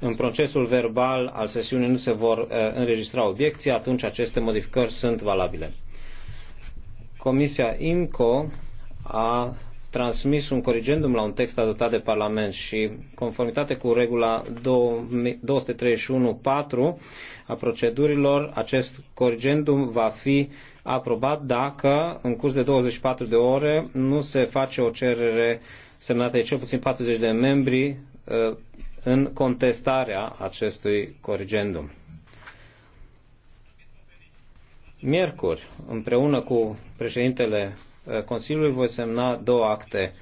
în procesul verbal al sesiunii nu se vor uh, înregistra obiecții, atunci aceste modificări sunt valabile. Comisia IMCO a transmis un corigendum la un text adoptat de Parlament și conformitate cu regula 231.4 a procedurilor, acest corigendum va fi aprobat dacă în curs de 24 de ore nu se face o cerere semnată de cel puțin 40 de membri uh, în contestarea acestui corigendum. Miercuri, împreună cu președintele eh, Consiliului, voi semna două acte